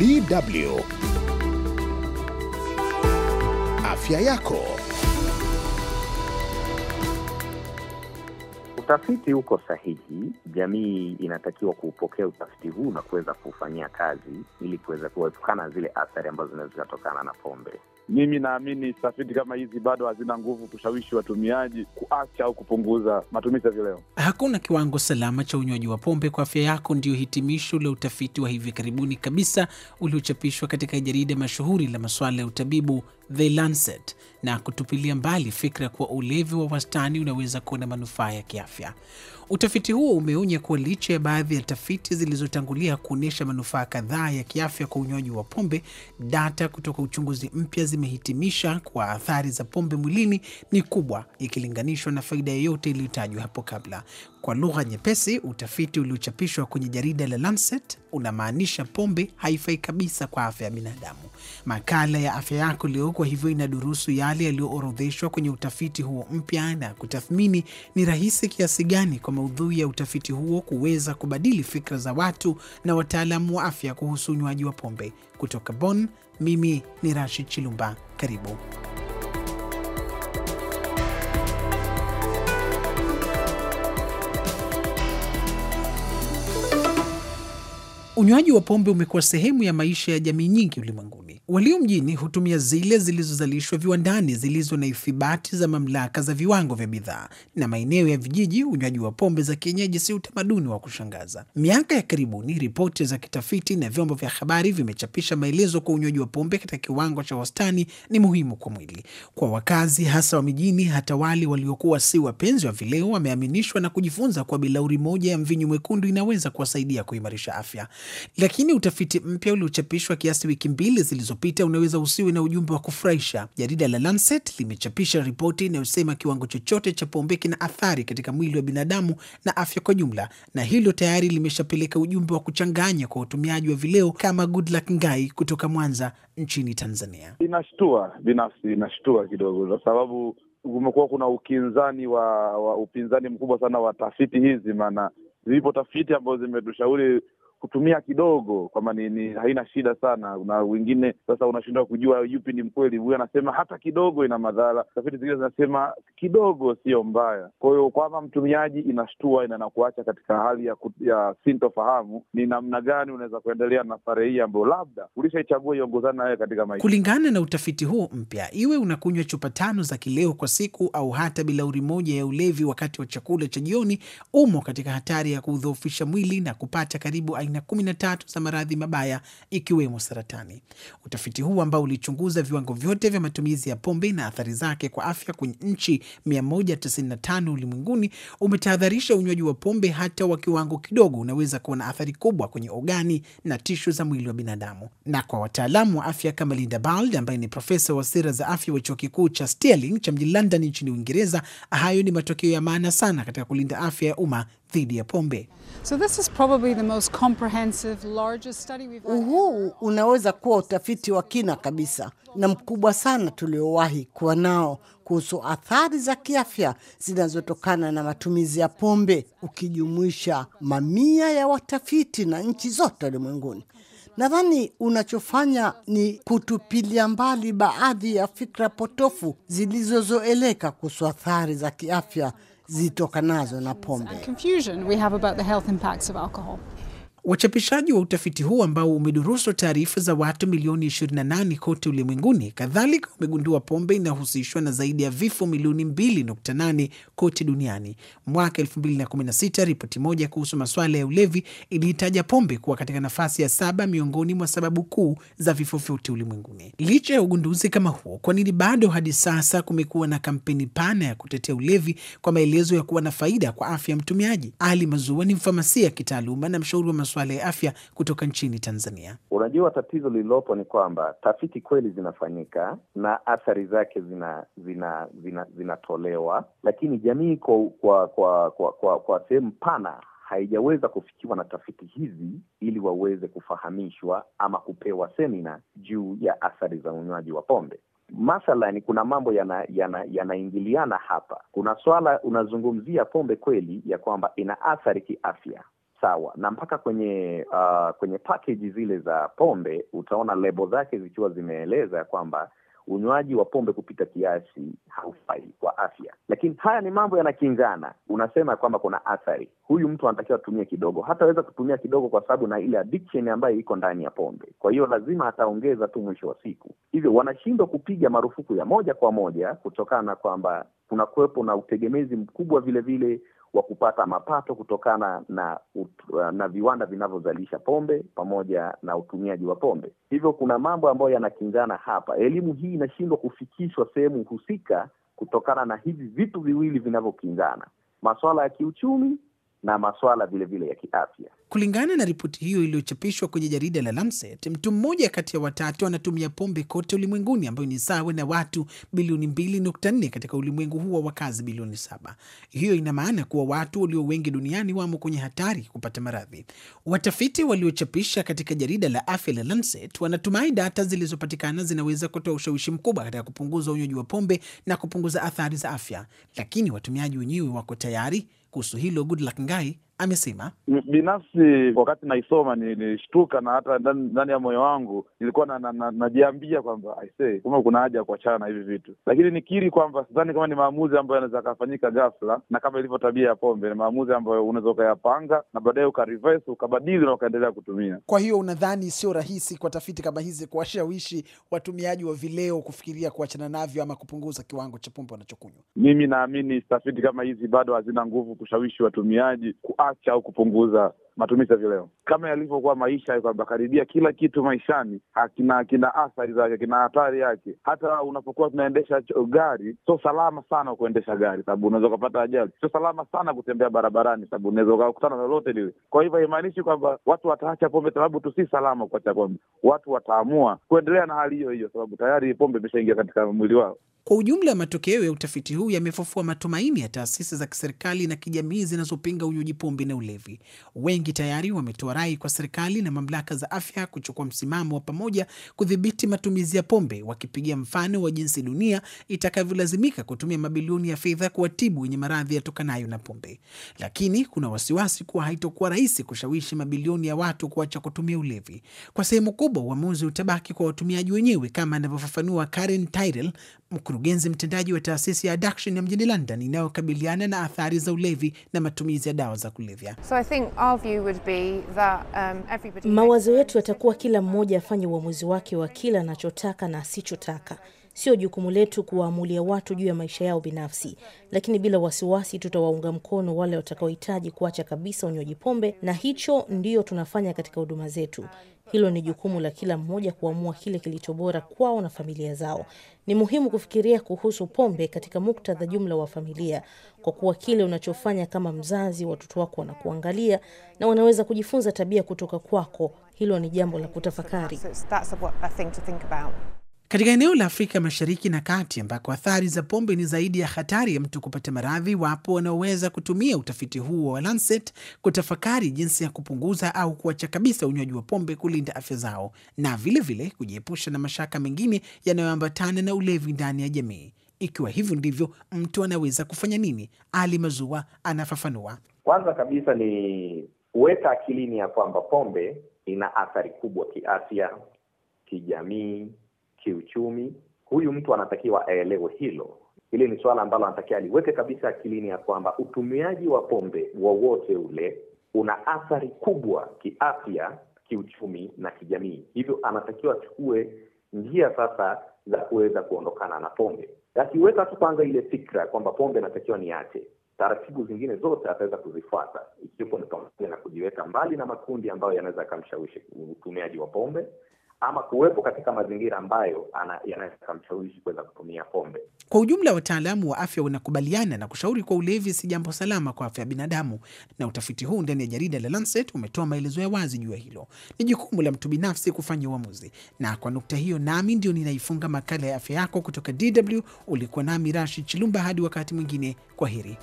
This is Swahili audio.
DW Afya Yako. Utafiti uko sahihi, jamii inatakiwa kuupokea utafiti huu na kuweza kuufanyia kazi ili kuweza kuepukana na zile athari ambazo zinaweza zikatokana na pombe. Mimi naamini tafiti kama hizi bado hazina nguvu kushawishi watumiaji kuacha au kupunguza matumizi ya vileo. Hakuna kiwango salama cha unywaji wa pombe kwa afya yako, ndio hitimisho la utafiti wa hivi karibuni kabisa uliochapishwa katika jarida mashuhuri la masuala ya utabibu The Lancet na kutupilia mbali fikra kuwa ulevi wa wastani unaweza kuwa na manufaa ya kiafya. Utafiti huo umeonya kuwa licha ya baadhi ya tafiti zilizotangulia kuonyesha manufaa kadhaa ya kiafya kwa unywaji wa pombe, data kutoka uchunguzi mpya zimehitimisha kuwa athari za pombe mwilini ni kubwa ikilinganishwa na faida yoyote iliyotajwa hapo kabla. Kwa lugha nyepesi, utafiti uliochapishwa kwenye jarida la Lancet unamaanisha pombe haifai kabisa kwa afya ya binadamu. Makala ya afya yako leo kwa hivyo inadurusu yale yaliyoorodheshwa kwenye utafiti huo mpya na kutathmini ni rahisi kiasi gani kwa maudhui ya utafiti huo kuweza kubadili fikra za watu na wataalamu wa afya kuhusu unywaji wa pombe. Kutoka Bonn, mimi ni Rashid Chilumba, karibu. Unywaji wa pombe umekuwa sehemu ya maisha ya jamii nyingi ulimwenguni. Walio mjini hutumia zile zilizozalishwa viwandani zilizo na ithibati za mamlaka za viwango vya bidhaa, na maeneo ya vijiji, unywaji wa pombe za kienyeji si utamaduni wa kushangaza. Miaka ya karibuni, ripoti za kitafiti na vyombo vya habari vimechapisha maelezo kwa unywaji wa pombe katika kiwango cha wastani ni muhimu kwa mwili. Kwa wakazi hasa wa mijini, hata wale waliokuwa si wapenzi wa vileo wameaminishwa na kujifunza kwa bilauri moja ya mvinyu mwekundu inaweza kuwasaidia kuimarisha afya. Lakini utafiti mpya uliochapishwa kiasi wiki mbili zilizopita unaweza usiwe na ujumbe wa kufurahisha. Jarida la Lancet limechapisha ripoti inayosema kiwango chochote cha pombe kina athari katika mwili wa binadamu na afya kwa jumla, na hilo tayari limeshapeleka ujumbe wa kuchanganya kwa watumiaji wa vileo kama Goodluck Ngai kutoka Mwanza nchini Tanzania. Inashtua binafsi, inashtua kidogo kwa sababu kumekuwa kuna ukinzani wa, wa upinzani mkubwa sana wa tafiti hizi, maana zipo tafiti ambazo zimetushauri kutumia kidogo, kwamba ni, ni haina shida sana. Na wengine sasa unashindwa kujua yupi ni mkweli. Huyu anasema hata kidogo ina madhara, tafiti zingine zinasema kidogo sio mbaya. Kwa hiyo mtumiaji inashtua ina nakuacha katika hali ya, ya sintofahamu ni namna gani unaweza kuendelea na safari hii ambayo labda ulishaichagua iongozana nawe katika maisha. Kulingana na utafiti huo mpya, iwe unakunywa chupa tano za kileo kwa siku au hata bilauri moja ya ulevi wakati wa chakula cha jioni, umo katika hatari ya kuudhoofisha mwili na kupata karibu aina 13 za maradhi mabaya ikiwemo saratani. Utafiti huu ambao ulichunguza viwango vyote vya matumizi ya pombe na athari zake kwa afya kwenye nchi 195 ulimwenguni umetahadharisha unywaji wa pombe hata wa kiwango kidogo unaweza kuwa na athari kubwa kwenye ogani na tishu za mwili wa binadamu. Na kwa wataalamu wa afya kama Linda Bald ambaye ni profesa wa sera za afya wa chuo kikuu cha Stirling cha mjini London nchini Uingereza, hayo ni matokeo ya maana sana katika kulinda afya ya umma dhidi ya pombe. So this is probably the most comprehensive, largest study we've ever... Huu unaweza kuwa utafiti wa kina kabisa na mkubwa sana tuliowahi kuwa nao kuhusu athari za kiafya zinazotokana na matumizi ya pombe, ukijumuisha mamia ya watafiti na nchi zote ulimwenguni. Nadhani unachofanya ni kutupilia mbali baadhi ya fikra potofu zilizozoeleka kuhusu athari za kiafya zitokanazo na pombe. Wachapishaji wa utafiti huu ambao umeduruswa taarifa za watu milioni 28 kote ulimwenguni, kadhalika wamegundua pombe inahusishwa na zaidi ya vifo milioni 2.8 kote duniani. Mwaka 2016 ripoti moja kuhusu masuala ya ulevi ilihitaja pombe kuwa katika nafasi ya saba miongoni mwa sababu kuu za vifo vyote ulimwenguni. Licha ya ugunduzi kama huo, kwa nini bado hadi sasa kumekuwa na kampeni pana ya kutetea ulevi kwa maelezo ya kuwa na faida kwa afya ya mtumiaji? Ali Mazua ni mfamasia kitaaluma na mshauri wa masuala ya afya kutoka nchini Tanzania? Unajua, tatizo lililopo ni kwamba tafiti kweli zinafanyika na athari zake zinatolewa zina, zina, zina, lakini jamii kwa kwa kwa kwa, kwa, kwa sehemu pana haijaweza kufikiwa na tafiti hizi ili waweze kufahamishwa ama kupewa semina juu ya athari za unywaji wa pombe. Mathalani, kuna mambo yanaingiliana yana, yana hapa. Kuna swala unazungumzia pombe kweli ya kwamba ina athari kiafya, sawa na mpaka kwenye uh, kwenye package zile za pombe utaona lebo zake zikiwa zimeeleza ya kwamba unywaji wa pombe kupita kiasi haufai kwa afya, lakini haya ni mambo yanakinzana. Unasema kwamba kuna athari, huyu mtu anatakiwa atumie kidogo, hataweza kutumia kidogo kwa sababu na ile addiction ambayo iko ndani ya pombe, kwa hiyo lazima ataongeza tu mwisho wa siku. Hivyo wanashindwa kupiga marufuku ya moja kwa moja kutokana na kwamba kuna kuwepo na utegemezi mkubwa vilevile wa kupata mapato kutokana na na, na viwanda vinavyozalisha pombe pamoja na utumiaji wa pombe. Hivyo kuna mambo ambayo yanakinzana hapa. Elimu hii inashindwa kufikishwa sehemu husika kutokana na hivi vitu viwili vinavyokinzana, masuala ya kiuchumi na maswala vilevile ya kiafya. Kulingana na ripoti hiyo iliyochapishwa kwenye jarida la Lancet, mtu mmoja kati ya watatu anatumia pombe kote ulimwenguni, ambayo ni sawa na watu bilioni 2.4 katika ulimwengu huu wa wakazi bilioni 7. Hiyo ina maana kuwa watu walio wengi duniani wamo kwenye hatari kupata maradhi. Watafiti waliochapisha katika jarida la afya la Lancet wanatumai data zilizopatikana zinaweza kutoa ushawishi mkubwa katika kupunguza unywaji wa pombe na kupunguza athari za afya, lakini watumiaji wenyewe wako tayari kuhusu hilo Goodluck Ngai amesema binafsi, wakati naisoma nilishtuka, na hata ndani ya moyo wangu nilikuwa najiambia na, na, kwamba aisee, kuna haja ya kuachana na hivi vitu, lakini nikiri kwamba sidhani kama ni maamuzi ambayo yanaweza akafanyika ghafla, na kama ilivyo tabia ya pombe, ni maamuzi ambayo unaweza ukayapanga na baadaye ukareverse, ukabadili na ukaendelea kutumia. Kwa hiyo unadhani sio rahisi kwa tafiti kama hizi kuwashawishi watumiaji wa vileo kufikiria kuachana navyo ama kupunguza kiwango cha pombe wanachokunywa? Mimi naamini tafiti kama hizi bado hazina nguvu kushawishi watumiaji ku kiasi au kupunguza matumizi ya vileo, kama yalivyokuwa maisha, kwamba karibia kila kitu maishani hakina kina athari zake, kina hatari yake. Hata unapokuwa tunaendesha gari, sio salama sana kuendesha gari sababu unaweza ukapata ajali. Sio salama sana kutembea barabarani sababu unaweza ukakutana lolote lile. Kwa hivyo haimaanishi kwamba watu wataacha pombe sababu tu si salama kuacha pombe. Watu wataamua kuendelea na hali hiyo hiyo sababu tayari pombe imeshaingia katika mwili wao. Kwa ujumla, matokeo ya utafiti huu yamefufua matumaini ya taasisi za kiserikali na kijamii zinazopinga unywaji pombe na ulevi wengi Wengi tayari wametoa rai kwa serikali na mamlaka za afya kuchukua msimamo wa pamoja kudhibiti matumizi ya pombe, wakipigia mfano wa jinsi dunia itakavyolazimika kutumia mabilioni ya fedha kuwatibu wenye maradhi yatokanayo na pombe. Lakini kuna wasiwasi kuwa haitokuwa rahisi kushawishi mabilioni ya watu kuacha kutumia ulevi. Kwa sehemu kubwa, uamuzi utabaki kwa watumiaji wenyewe, kama anavyofafanua Karen Tyrell, mkurugenzi mtendaji wa taasisi ya Addiction ya mjini London inayokabiliana na athari za ulevi na matumizi ya dawa za kulevya. So I think our view Um, Mawazo yetu yatakuwa kila mmoja afanye uamuzi wake wa kila anachotaka na asichotaka, Sio jukumu letu kuwaamulia watu juu ya maisha yao binafsi, lakini bila wasiwasi tutawaunga mkono wale watakaohitaji kuacha kabisa unywaji pombe, na hicho ndio tunafanya katika huduma zetu. Hilo ni jukumu la kila mmoja kuamua kile kilicho bora kwao na familia zao. Ni muhimu kufikiria kuhusu pombe katika muktadha jumla wa familia, kwa kuwa kile unachofanya kama mzazi, watoto wako wanakuangalia na wanaweza kujifunza tabia kutoka kwako. Hilo ni jambo la kutafakari. Katika eneo la Afrika Mashariki na Kati, ambako athari za pombe ni zaidi ya hatari ya mtu kupata maradhi, wapo wanaoweza kutumia utafiti huo wa Lancet kutafakari jinsi ya kupunguza au kuacha kabisa unywaji wa pombe kulinda afya zao na vilevile kujiepusha na mashaka mengine yanayoambatana na ulevi ndani ya jamii. Ikiwa hivyo ndivyo, mtu anaweza kufanya nini? Ali Mazua anafafanua. Kwanza kabisa ni kuweka akilini ya kwamba pombe ina athari kubwa kiafya, kijamii kiuchumi. Huyu mtu anatakiwa aelewe hilo. Hili ni suala ambalo anatakiwa aliweke kabisa akilini ya kwamba utumiaji wa pombe wowote ule una athari kubwa kiafya, kiuchumi na kijamii. Hivyo anatakiwa achukue njia sasa za kuweza kuondokana na pombe. Akiweka tu kwanza ile fikra kwamba pombe anatakiwa niache, taratibu zingine zote ataweza kuzifuata, ikiwepo ni pamoja na kujiweka mbali na makundi ambayo yanaweza akamshawishi utumiaji wa pombe ama kuwepo katika mazingira ambayo yanaweza kumshawishi kuweza kutumia pombe. Kwa ujumla, wataalamu wa afya wanakubaliana na kushauri kwa ulevi si jambo salama kwa afya ya binadamu, na utafiti huu ndani ya jarida la Lancet umetoa maelezo ya wazi juu ya hilo. Ni jukumu la mtu binafsi kufanya uamuzi, na kwa nukta hiyo nami ndio ninaifunga makala ya afya yako kutoka DW. Ulikuwa nami Rashi Chilumba, hadi wakati mwingine, kwa heri.